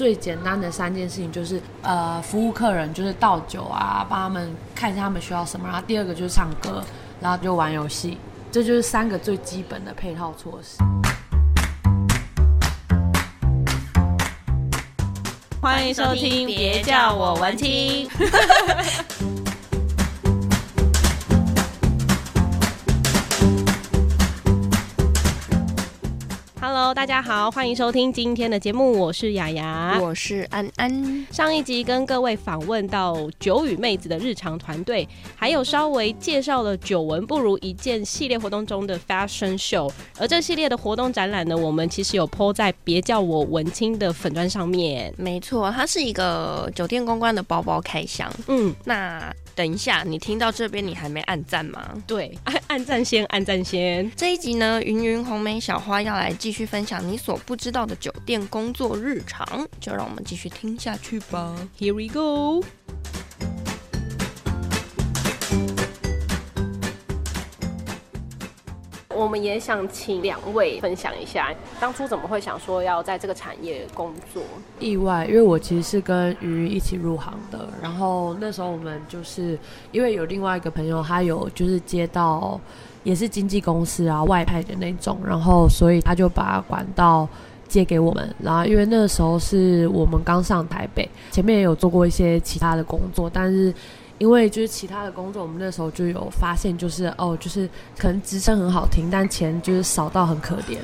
最簡單的三件事情就是，呃，服務客人，就是倒酒啊，幫他們看一下他們需要什麼。然後第二個就是唱歌，然後就玩遊戲，這就是三個最基本的配套措施。歡迎收聽，別叫我文青。 Hello，大家好，歡迎收聽今天的節目，我是雅雅，我是安安。上一集跟各位訪問到酒與妹仔的日常團隊，還有稍微介紹了“酒聞不如一件”系列活動中的 Fashion Show，而這系列的活動展覽呢，我們其實有 po 在“別叫我文青”的粉專上面。沒錯，它是一個酒店公關的包包開箱。嗯，那。等一下，你聽到這邊，你還沒按讚嗎？對，按按讚先，按讚先。這一集呢，芸芸、紅眉、小花要來繼續分享你所不知道的酒店工作日常，就讓我們繼續聽下去吧。Here we go。我們也想請兩位分享一下，當初怎麼會想說要在這個產業工作？意外，因為我其實是跟芸芸一起入行的，然後那時候我們就是因為有另外一個朋友，他有就是接到也是經紀公司啊外派的那種，然後所以他就把管道借給我們，然後因為那時候是我們剛上台北，前面也有做過一些其他的工作，但是。因為就是其他的工作，我們那時候就有發現，就是哦，就是可能職稱很好聽，但錢就是少到很可憐，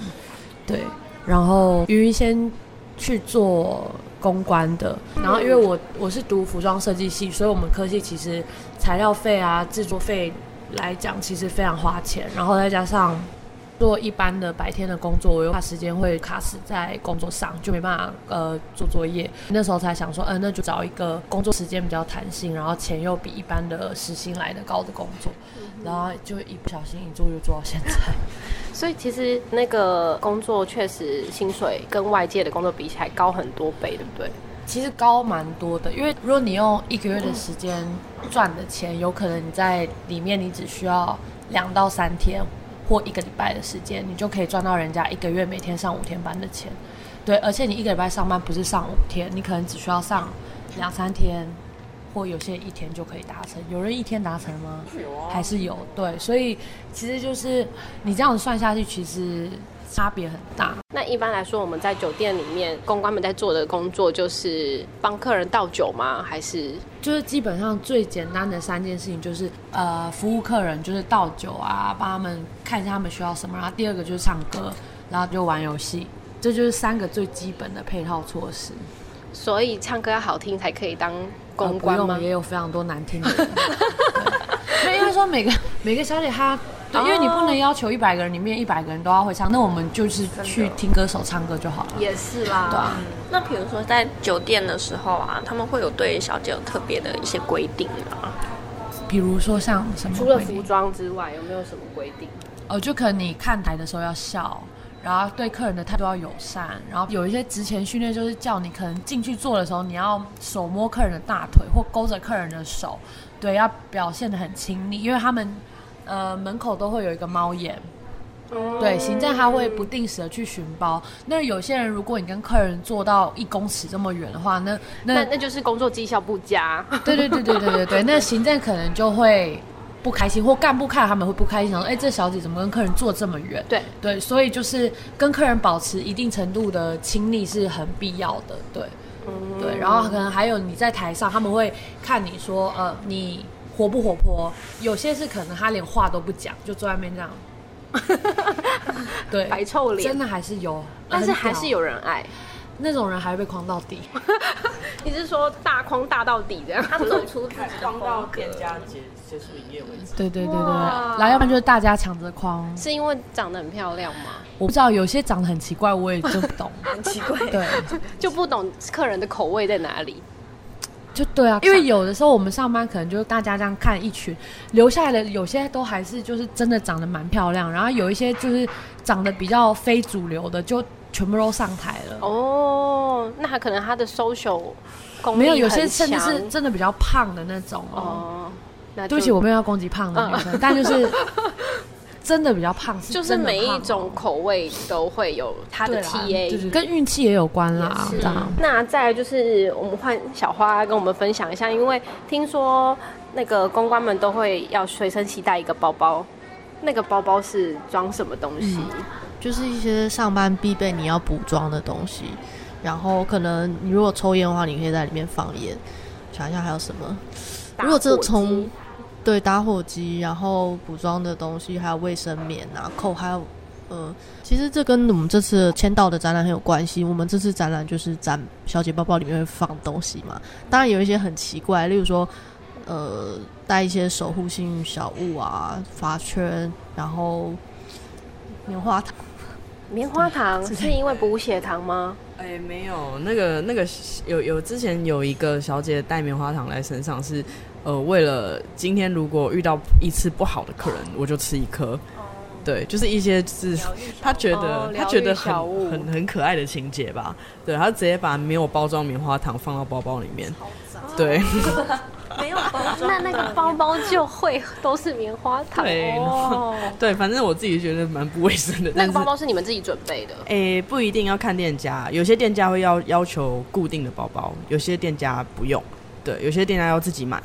對。然後芸芸先去做公關的，然後因為我我是讀服裝設計系，所以我們科系其實材料費啊、製作費來講，其實非常花錢，然後再加上。做一般的白天的工作，我又怕時間會卡死在工作上，就沒辦法呃做作業。那時候才想說，嗯、呃，那就找一個工作時間比較彈性，然後錢又比一般的時薪來的高的工作。然後就一不小心一做就做到現在。所以其實那個工作確實薪水跟外界的工作比起來高很多倍，對不對？其實高蠻多的，因為如果你用一個月的時間賺的錢，嗯、有可能你在裡面你只需要兩到三天。或一個禮拜的時間，你就可以賺到人家一個月每天上五天班的錢，對。而且你一個禮拜上班不是上五天，你可能只需要上兩三天，或有些一天就可以達成。有人一天達成嗎？還是有。對，所以其實就是你這樣子算下去，其實。差別很大。那一般來說，我們在酒店裡面公關們在做的工作就是幫客人倒酒嗎？還是就是基本上最簡單的三件事情就是呃服務客人，就是倒酒啊，幫他們看一下他們需要什麼。然後第二個就是唱歌，然後就玩遊戲，這就是三個最基本的配套措施。所以唱歌要好聽才可以當公關嗎？呃、不用嗎？也有非常多難聽的人。 因為說每個每個小姐她。對，因為你不能要求一百個人裡面一百個人都要會唱，那我們就是去聽歌手唱歌就好了。也是啦，對啊。那比如說在酒店的時候啊，他們會有對小姐有特別的一些規定嗎？比如說像什麼？除了服裝之外，有沒有什麼規定？哦，就可能你看台的時候要笑，然後對客人的態度要友善，然後有一些職前訓練，就是叫你可能進去坐的時候，你要手摸客人的大腿或勾着客人的手，對，要表現得很親密，因為他們。呃，門口都會有一個貓眼，嗯、對，行政他會不定時的去巡包。那有些人，如果你跟客人坐到一公尺這麼遠的話，那那那，那就是工作績效不佳。對對對對對對，對 那行政可能就會不開心，或幹部看他們會不開心，想說，哎、欸，這小姐怎麼跟客人坐這麼遠？對對，所以就是跟客人保持一定程度的親密是很必要的。對，嗯、對，然後可能還有你在台上，他們會看你說，呃，你。活不活潑？有些是可能他連話都不講，就坐外面這樣。 對，白臭臉，真的還是有。但是還是有人愛，那種人還會被框到底。 你是說大框大到底這樣？他走出去腿框到店家結結束營業為止。 對，對對對對，哇然後要不然就是大家搶着框。是因為長得很漂亮嗎？我不知道，有些長得很奇怪，我也就不懂。 很奇怪，對，就，就不懂客人的口味在哪裡。就對啊，因為有的時候我們上班可能就是大家這樣看一群留下來的，有些都還是就是真的長得蠻漂亮，然後有一些就是長得比較非主流的，就全部都上台了。哦，那可能他的 social 沒有，有些甚至是真的比較胖的那種。哦，哦對不起，我沒有要攻擊胖的女生，啊、但就是。 真的比較胖。是胖就是每一種口味都會有它的 TA。對對對，跟運氣也有關啦。是樣那再來就是我們換小花跟我們分享一下，因為聽說那個公關們都會要隨身攜帶一個包包，那個包包是裝什麼東西？嗯，就是一些上班必備，你要補妝的東西，然後可能你如果抽煙的話，你可以在裡面放煙。想一下還有什麼？如果這個從對打火機，然後補妝的東西，還有衛生棉啊，扣，還有，呃，其實這跟我們這次簽到的展覽很有關係。我們這次展覽就是展小姐包包裡面會放東西嘛，當然有一些很奇怪，例如說，呃，帶一些守護幸運小物啊，髮圈，然後棉花糖，棉花糖是因為補血糖嗎？哎，沒有，那個那個有有之前有一個小姐帶棉花糖來身上是。呃，為了今天如果遇到一次不好的客人，我就吃一顆。哦。對，就是一些就是他覺得他覺得很很很可愛的情節吧。對，他直接把沒有包裝棉花糖放到包包裡面。對。沒有包裝，那那個包包就會都是棉花糖哦。對，反正我自己覺得蠻不衛生的。那個包包是你們自己準備的？誒，不一定要看店家，有些店家會要要求固定的包包，有些店家不用。對，有些店家要自己買。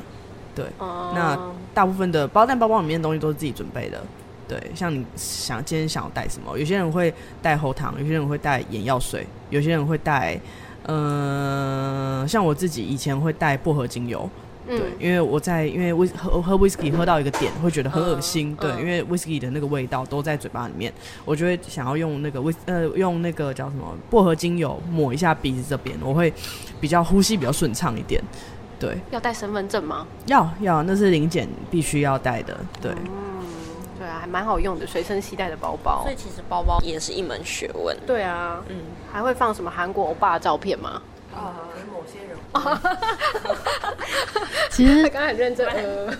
對，那大部分的包蛋、包包裡面的東西都是自己準備的。對，像你想今天想要帶什麼，有些人會帶喉糖，有些人會帶眼藥水，有些人會帶，嗯、呃……像我自己以前會帶薄荷精油。嗯、對，因為我在因為威喝、喝威士忌，喝、喝到一個點會覺得很噁心。嗯、對，因為威士忌的那個味道都在嘴巴裡面，我就會想要用那個威呃，用那個叫什麼薄荷精油抹一下鼻子這邊，我會比較呼吸比較順暢一點。對，要帶身份證嗎？要要，那是臨檢必須要帶的。對，嗯，對啊，還蠻好用的，隨身攜帶的包包。所以其實包包也是一門學問。對啊，嗯，還會放什麼韓國歐巴的照片嗎？啊，某些人。其實他剛才很認真了。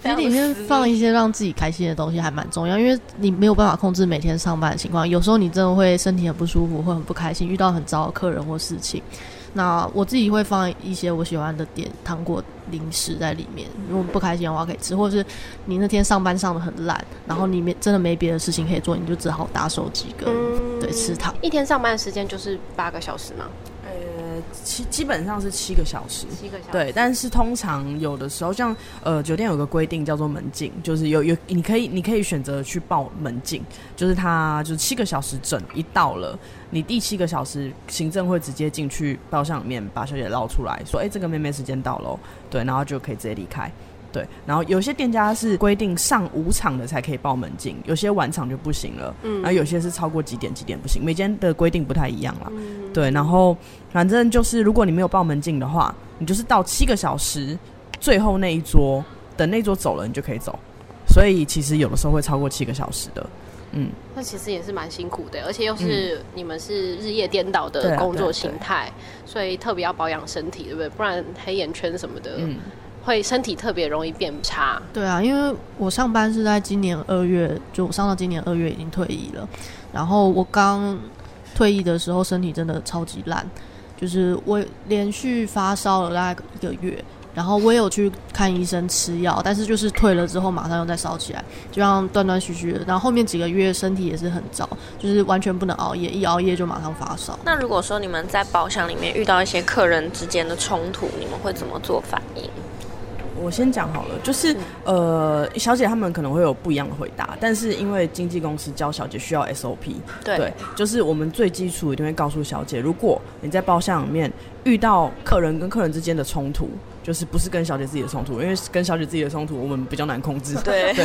其實裡面放一些讓自己開心的東西還蠻重要，因為你沒有辦法控制每天上班的情況。有時候你真的會身體很不舒服，會很不開心，遇到很糟的客人或事情。那我自己會放一些我喜歡的點糖果零食在裡面，如果不開心的話可以吃，或者是你那天上班上得很爛，然後裡面真的沒別的事情可以做，你就只好打手機跟、嗯、對吃糖。一天上班的時間就是八個小時嗎？基本上是七個小時，七個小時對。但是通常有的時候，像呃酒店有個規定叫做門禁，就是有有你可以你可以選擇去報門禁，就是他就是七個小時整一到了，你第七個小時行政會直接進去包廂裡面把小姐撈出來說，誒、欸，這個妹妹時間到了，對，然後就可以直接離開。對，然後有些店家是規定上午場的才可以報門禁，有些晚場就不行了。嗯，然後有些是超過幾點幾點不行，每間的規定不太一樣了。嗯、對，然後反正就是，如果你沒有報門禁的話，你就是到七個小時最後那一桌，等那一桌走了你就可以走。所以其實有的時候會超過七個小時的。嗯，那其實也是蠻辛苦的，而且又是、嗯、你們是日夜顛倒的工作形態，啊啊啊、所以特別要保養身體，對不對？不然黑眼圈什麼的。嗯會身體特別容易變差。對啊，因為我上班是在今年二月，就我上到今年二月已經退役了。然後我剛退役的時候身體真的超級爛，就是我連續發燒了大概一個月。然後我也有去看醫生吃藥，但是就是退了之後馬上又再燒起來，就像斷斷續續的。然後後面幾個月身體也是很糟，就是完全不能熬夜，一熬夜就馬上發燒。那如果說你們在包廂裡面遇到一些客人之間的衝突，你們會怎麼做反應？我先講好了，就是呃，小姐她們可能會有不一樣的回答，但是因為經紀公司教小姐需要 SOP，對，對，就是我們最基礎一定會告訴小姐，如果你在包廂裡面遇到客人跟客人之間的衝突，就是不是跟小姐自己的衝突，因為跟小姐自己的衝突我們比較難控制。對對對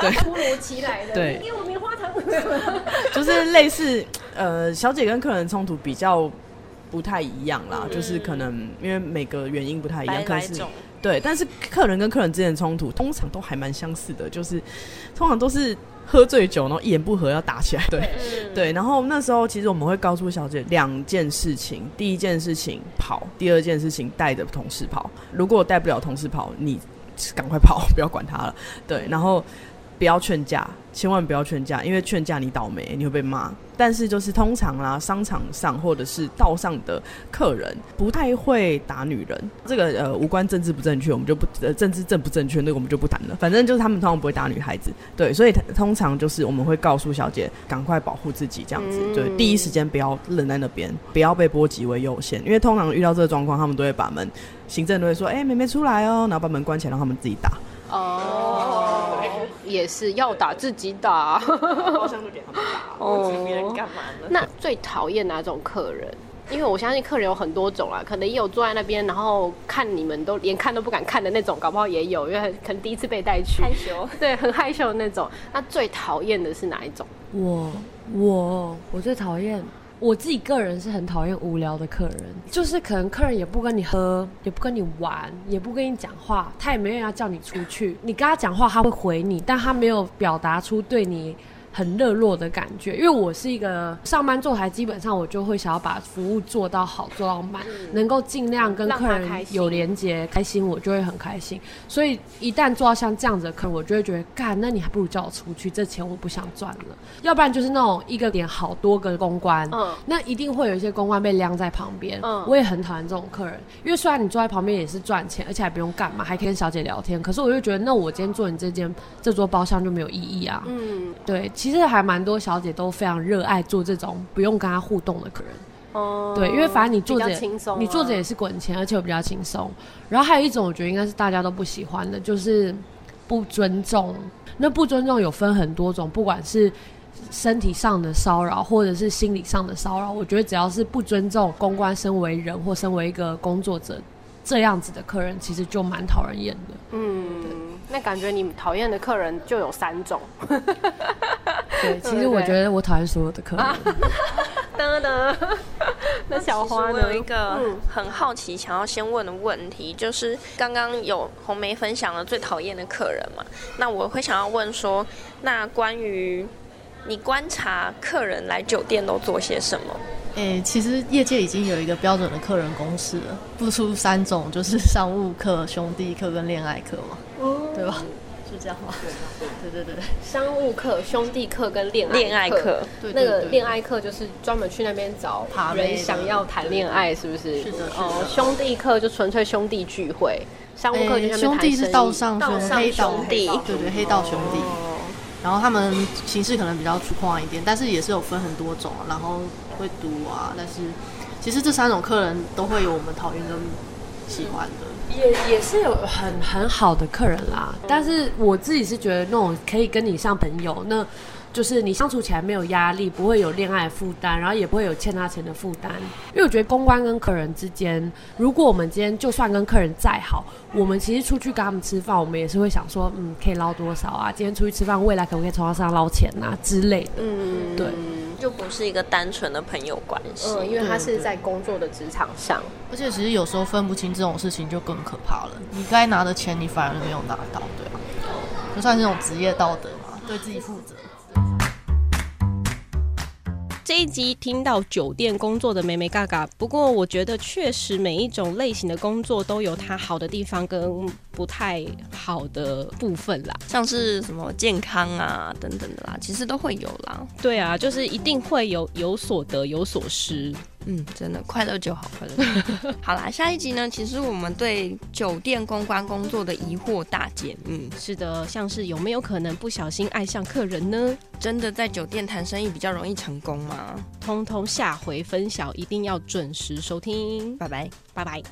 對，突如其來的，因為我棉花糖什麼， 就是類似呃，小姐跟客人衝突比較不太一樣啦，嗯、就是可能因為每個原因不太一樣，一可是。對，但是客人跟客人之間的衝突通常都還蠻相似的，就是通常都是喝醉酒，然後一言不合要打起來。對，嗯、對，然後那時候其實我們會告訴小姐兩件事情：第一件事情跑，第二件事情帶着同事跑。如果帶不了同事跑，你趕快跑，不要管他了。對，然後。不要勸架，千萬不要勸架，因為勸架你倒霉，你會被罵。但是就是通常啦，商場上或者是道上的客人不太會打女人。這個呃，無關政治不正確，我們就不呃政治正不正確，這、那個我們就不談了。反正就是他們通常不會打女孩子，對，所以通常就是我們會告訴小姐趕快保護自己，這樣子，對、嗯，就第一時間不要愣在那邊，不要被波及為優先，因為通常遇到這個狀況，他們都會把門，行政都會說，哎、欸，妹妹出來哦，然後把門關起來，讓他們自己打。哦。哦，也是要打對對對，自己打，好像都給他們打。 哦，那最討厭哪種客人？因為我相信客人有很多種啊，可能也有坐在那邊，然後看你們都連看都不敢看的那種，搞不好也有，因為可能第一次被帶去，害羞，對，很害羞的那種。那最討厭的是哪一種？我我我最討厭。我自己個人是很討厭無聊的客人，就是可能客人也不跟你喝，也不跟你玩，也不跟你講話，他也沒有要叫你出去。你跟他講話，他會回你，但他沒有表達出對你很熱絡的感覺，因為我是一個上班坐台，基本上我就會想要把服務做到好、做到滿，嗯、能夠盡量跟客人有連接，嗯、讓他開心，開心我就會很開心。所以一旦做到像這樣子的客人，我就會覺得，幹，那你還不如叫我出去，這錢我不想賺了。要不然就是那種一個點好多個公關，嗯、那一定會有一些公關被晾在旁邊。嗯、我也很討厭這種客人，因為雖然你坐在旁邊也是賺錢，而且還不用幹嘛，還可以跟小姐聊天，可是我就覺得，那我今天做你這間、這座包廂就沒有意義啊。嗯，對。其實其實還蠻多小姐都非常熱愛做這種不用跟他互動的客人，哦，oh, 對，因為反正你坐着，比較輕鬆啊，你坐着也是滾錢，而且我比較輕鬆。然後還有一種，我覺得應該是大家都不喜歡的，就是不尊重。那不尊重有分很多種，不管是身體上的騷擾，或者是心理上的騷擾，我覺得只要是不尊重公關，身為人或身為一個工作者這樣子的客人，其實就蠻討人厭的。嗯，對那感覺你討厭的客人就有三種。 對，其實我覺得我討厭所有的客人。得得， 那小花我有一個很好奇，想要先問的問題，就是剛剛有紅眉分享了最討厭的客人嘛，那我會想要問說，那關於你觀察客人來酒店都做些什麼？誒、欸，其實業界已經有一個標準的客人公式了，不出三種就是商務客、兄弟客跟戀愛客嘛，嗯、對吧？是這樣嗎，對對對對，商務客、兄弟客跟戀戀愛客，那個戀愛客就是專門去那邊找人想要談戀愛，是不是？是的，哦，兄弟客就純粹兄弟聚會，商務客就兄弟是道上兄弟，對對黑道兄弟，然後他們形式可能比較粗獷一點，但是也是有分很多種，然後會賭啊，但是其實這三種客人都會有我們討厭跟喜歡的。也也是有很很好的客人啦，但是我自己是覺得那種可以跟你像朋友，那就是你相處起來沒有壓力，不會有戀愛負擔，然後也不會有欠他錢的負擔。因為我覺得公關跟客人之間，如果我們今天就算跟客人再好，我們其實出去跟他們吃飯，我們也是會想說，嗯，可以撈多少啊？今天出去吃飯，未來可不可以從他身上撈錢啊之類的？嗯，對。就不是一個單純的朋友關係，嗯、呃，因為他是在工作的職場上，對對對，而且其實有時候分不清這種事情就更可怕了。嗯、你該拿的錢你反而沒有拿到，對吧？啊？嗯、就算是這種職業道德嘛，嗯、對自己負責。這，這，這一集聽到酒店工作的妹妹嘎嘎，不過我覺得確實每一種類型的工作都有它好的地方跟。不太好的部分啦，像是什麼健康啊等等的啦，其實都會有啦。對啊，就是一定會有有所得有所失。嗯，真的快樂就好，快樂就好。 好啦，下一集呢，其實我們對酒店公關工作的疑惑大減。嗯，是的，像是有沒有可能不小心愛上客人呢？真的在酒店談生意比較容易成功嗎？通通下回分曉，一定要準時收聽。拜拜，拜拜。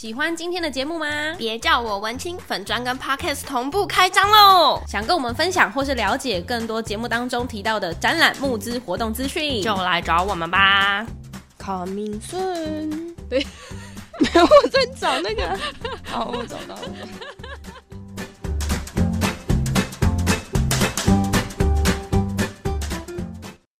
喜歡今天的節目嗎？別叫我文青，粉專跟 Podcast 同步開張嘍！想跟我們分享或是了解更多節目當中提到的展覽募資活動資訊，就來找我們吧。Coming soon 對， 沒有我在找那個， 好，我找到了。